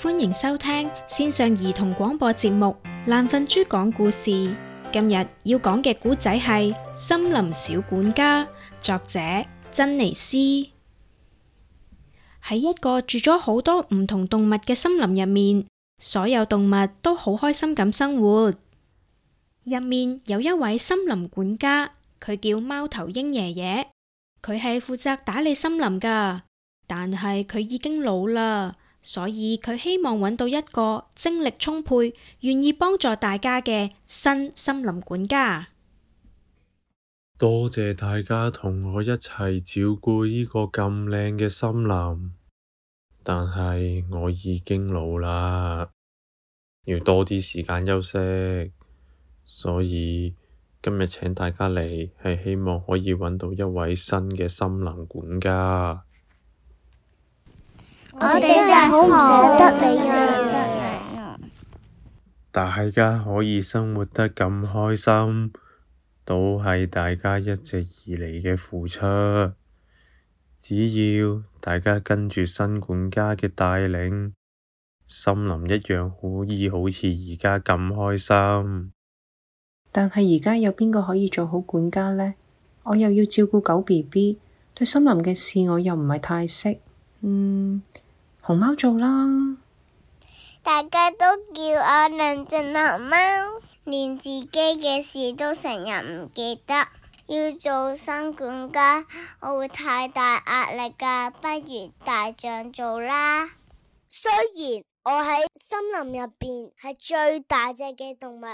歡迎收聽線上兒童廣播節目《懶瞓豬講故事》。今日要講嘅故仔係《森林小管家》，作者珍妮絲。喺一個住咗好多唔同動物嘅森林入面，所有動物都好開心咁生活。入面有一位森林管家，佢叫貓頭鷹爺爺，佢係負責打理森林㗎，但係佢已經老啦。所以佢希望揾到一個精力充沛、願意幫助大家嘅新森林管家。多謝大家同我一齊照顧呢個咁靚嘅森林，但係我已經老啦，要多啲時間休息。所以今日請大家嚟，係希望可以揾到一位新嘅森林管家。我哋真係好唔捨得你啊！大家可以生活得咁開心，都係大家一直以嚟嘅付出。只要大家跟住新管家嘅帶領，森林一樣可以好似而家咁開心。但係而家有邊個可以做好管家呢？我又要照顧狗 BB，對森林嘅事我又唔係太識，嗯。熊貓做啦，大家都叫我論盡熊貓，連自己嘅事都成日唔記得。要做新管家，我會太大壓力噶、啊，不如大象做啦。雖然我喺森林入邊係最大隻嘅動物，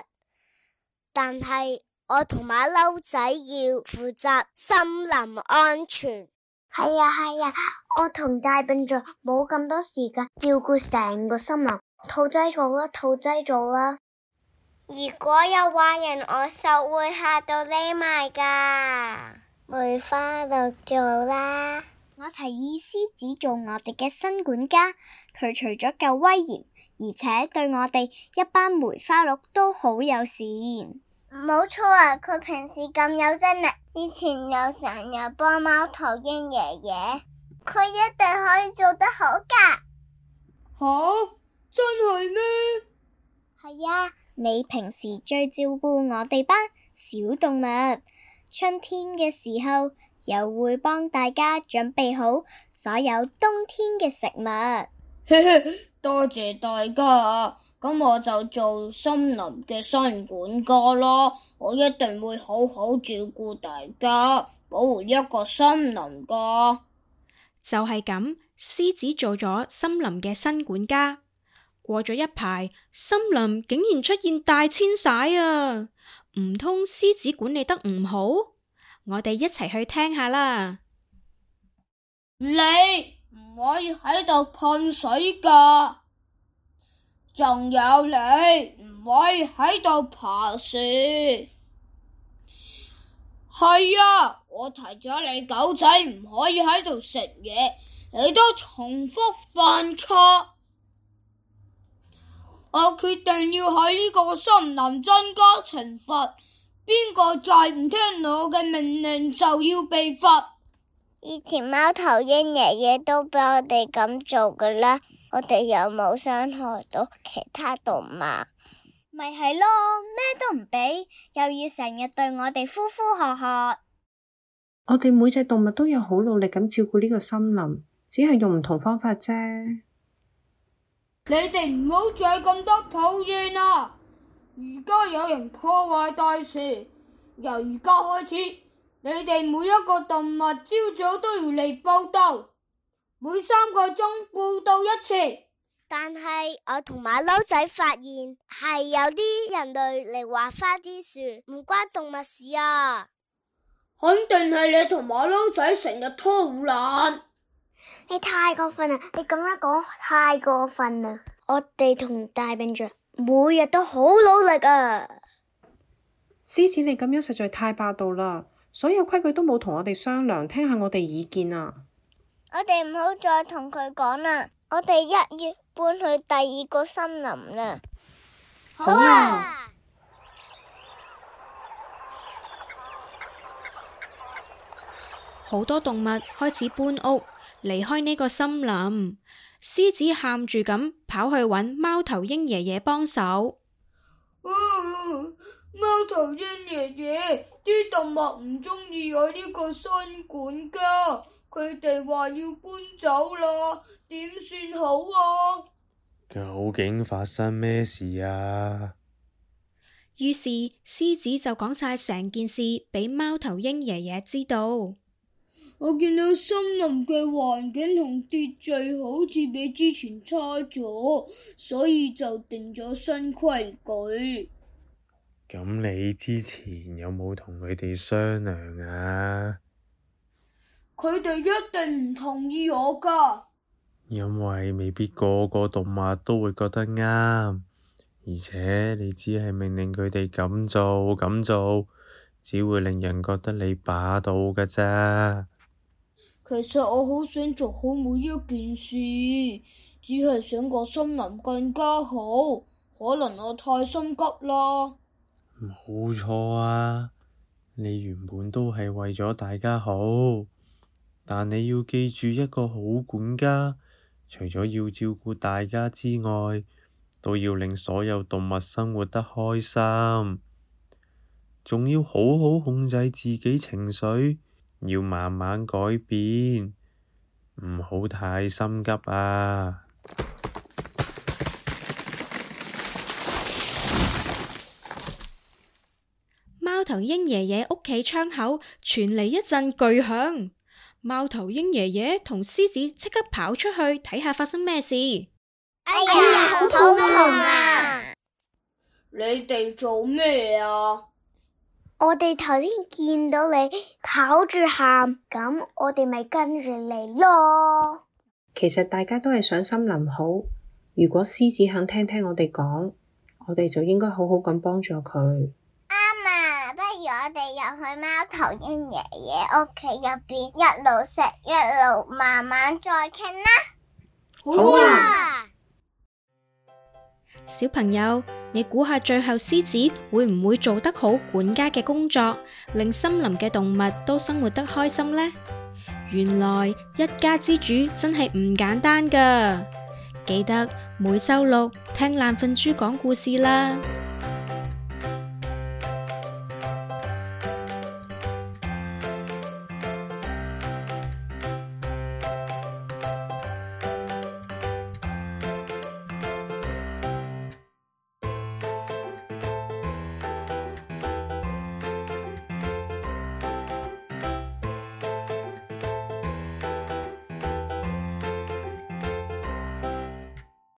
但係我同馬騮仔要負責森林安全。係啊，係啊，我同大笨象冇咁多時間照顧成個森林，兔仔做啦，兔仔做啦。如果有壞人，我實會嚇到匿埋噶。梅花鹿做啦。我提議獅子做我哋嘅新管家，佢除咗夠威嚴，而且對我哋一班梅花鹿都好友善。冇錯啊！佢平時咁有精力，以前又成日幫貓頭鷹爺爺，佢一定可以做得好㗎。吓、啊，真係咩？係啊，你平時最照顧我哋班小動物，春天嘅時候又會幫大家準備好所有冬天嘅食物。嘿嘿，多謝大家。咁我就做森林嘅新管家囉，我一定會好好照顧大家，保護一個森林噶。就係咁，獅子做咗森林嘅新管家。過咗一排，森林竟然出現大遷徙啊！唔通獅子管理得唔好？我哋一齊去聽下啦。你唔可以喺度噴水噶。仲有你唔可以喺度爬樹。係啊，我提咗你狗仔唔可以喺度食嘢，你都重複犯錯。我決定要喺呢個森林增加懲罰，邊個再唔聽我嘅命令就要被罰。以前貓頭鷹爺爺都俾我哋咁做㗎啦。我哋又冇傷害到其他動物？咪係咯，咩都唔畀，又要成日對我哋呼呼喝喝。我哋每隻動物都有好努力咁照顧呢個森林，只係用唔同方法啫。 你哋唔好再咁多抱怨啦、啊！而家有人破壞大樹，由而家開始，你哋每一個動物朝早都要嚟報到。每三個鐘報到一次，但係我同馬騮仔發現係有啲人類嚟劃花啲樹，唔關動物事啊！肯定係你同馬騮仔成日偷懶，你太過分啦！你咁樣講太過分啦！我哋同大笨象每日都好努力啊！獅子你咁樣實在太霸道啦！所有規矩都冇同我哋商量，聽下我哋意見啊！我哋唔好再同佢講啦，我哋一月搬去第二個森林啦。好啊！好多動物開始搬屋，離開呢個森林。獅子喊住咁跑去搵貓頭鷹爺爺幫手。哦，貓頭鷹爺爺，啲動物唔鍾意我呢個新管家。佢哋話要搬走啦，點算好啊？究竟發生咩事啊？於是獅子就講晒成件事俾貓頭鷹爺爺知道。我見到森林嘅環境同秩序好似比之前差咗，所以就定咗新規矩。咁你之前有冇同佢哋商量啊？佢哋一定唔同意我噶，因為未必個個動物都會覺得啱，而且你只係命令佢哋咁做咁做，只會令人覺得你霸道噶啫。其實我好想做好每一件事，只係想個森林更加好。可能我太心急啦。冇錯啊，你原本都係為咗大家好。但你要記住，一個好管家除咗要照顧大家之外，都要令所有動物生活得開心，仲要好好控制自己情緒，要慢慢改變，唔好太心急啊！貓頭鷹爺爺屋企窗口傳嚟一陣巨響。貓頭鷹爺爺同獅子即刻跑出去睇下發生咩事。哎呀，哎呀，好痛啊！你哋做咩啊？啊，我哋頭先見到你跑住喊，咁我哋咪跟住你咯。其實大家都係想森林好。如果獅子肯聽聽我哋講，我哋就應該好好咁幫助佢。我哋又去貓頭鷹爺爺屋企入邊，一路食，一路慢慢再傾啦。好啊！小朋友，你估下最後獅子會唔會做得好管家嘅工作，令森林嘅動物都生活得開心呢？原來一家之主真係唔簡單噶。記得每周六聽爛瞓豬講故事啦。